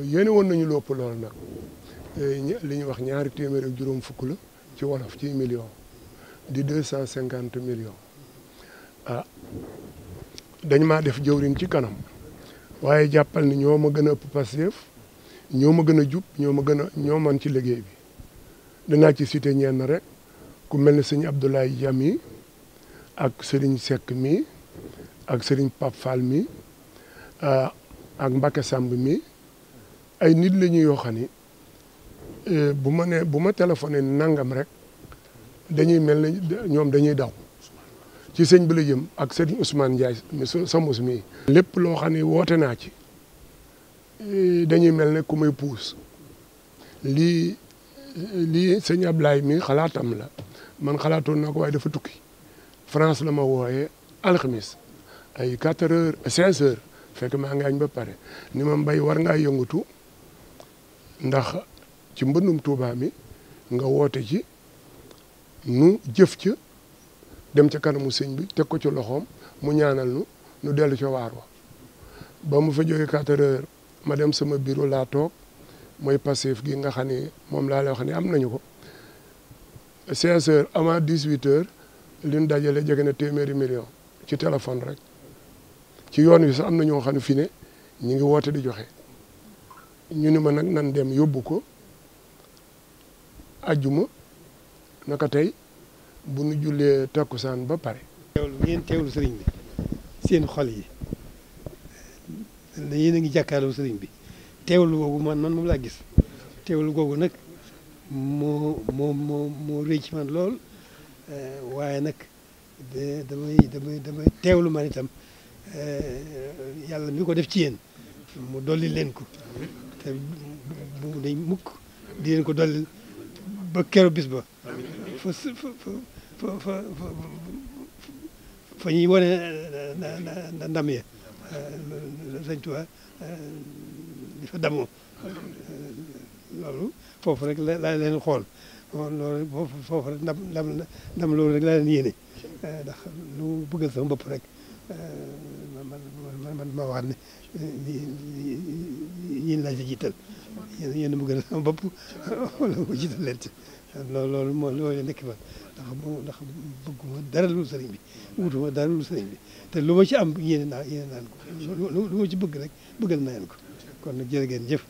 yéene woon nañu lopp lool nag li ñuy wax ñaari téeméer ak juróom fukk la ci wolof ci million di deux cent cinquante millions ah dañ maa def jëwriñ ci kanam waaye jàppal ni ñoo ma gën a ëpp Pastef ñoo ma gën a jub ñoo ma gën a ñoo man ci liggéey bi danaa ci cité ñenn rek ku mel ni sëñ Abdoulaye Jam yi ak sëriñ Seck mi ak sëriñ Pape Fall mi ah, ak Mbacke Samb mi ay nit la ñu yoo xam ni euh, bu ma nee bu ma téléphoné nangam rek dañuy mel ne ñoom dañuy daw ci sëñ bi la jëm ak sëñ Ousmane Ndiaye Sambos mii. lépp loo xam ne woote naa ci euh, dañuy mel ne ku may puus lii lii sëñ Ablaye mi xalaatam la man xalaatoon naa ko waaye dafa tukki France la ma wooyee alxamis ay quatre heures 16 heures fekk maa ngi añ ba pare ni ma mbay war ngaa yëngatu. ndax ci mbënnum Tuubaa mi nga woote ci nu jëf ca dem ca kanamu sëñ bi teg ko ci loxoom mu ñaanal nu nu dellu ca waar wa ba mu fa jógee quatre ma dem sama bureau laa toog mooy passif gi nga xam ne moom laa la wax am nañu ko seize heures avant dix-huit heures li ñu dajale jege na téeméeri million ci téléphone rek ci yoon wi sax am nañu ñoo xam ne fi ñu ngi woote di joxe ñu ni ma nag nan dem yóbbu ko ajjuma naka tey bu nu jullee takkusaan ba pare. teewlu ngeen teewlu sëriñ bi seen xol yi yéen a ngi jàkkaarloo sëriñ bi teewlu googu man man moom laa gis teewlu googu nag moo moo moo moo rëy man lool eh, waaye nag damay damay damay teewlu man itam eh, yàlla mi ko def ci yéen mu dolli leen ko. te bu mu dañ mukk di leen ko dolli ba keroog bis ba fa fa fa fa ñuy wane eh, ndam ya eh, sëñ Tuubaa eh, di fa damoo loolu foofu rek laa leen xool loolu foofu rek ndam ndam loolu rek la leen yéene ndax lu bëggal sama bopp rek man man man ma waxaat ne yéen laa ci jiital yéen yéen a ma gën a sama bopp wala ma jiital leen ci loolu loolu moo loolu leen nekk man ndax ndax bëgguma dara lu bi wutuma dara lu bi te lu ci am yéene naa yéene naan ko lu ma ci bëgg rek bëggal naa leen ko kon nag jërë ngeen jëf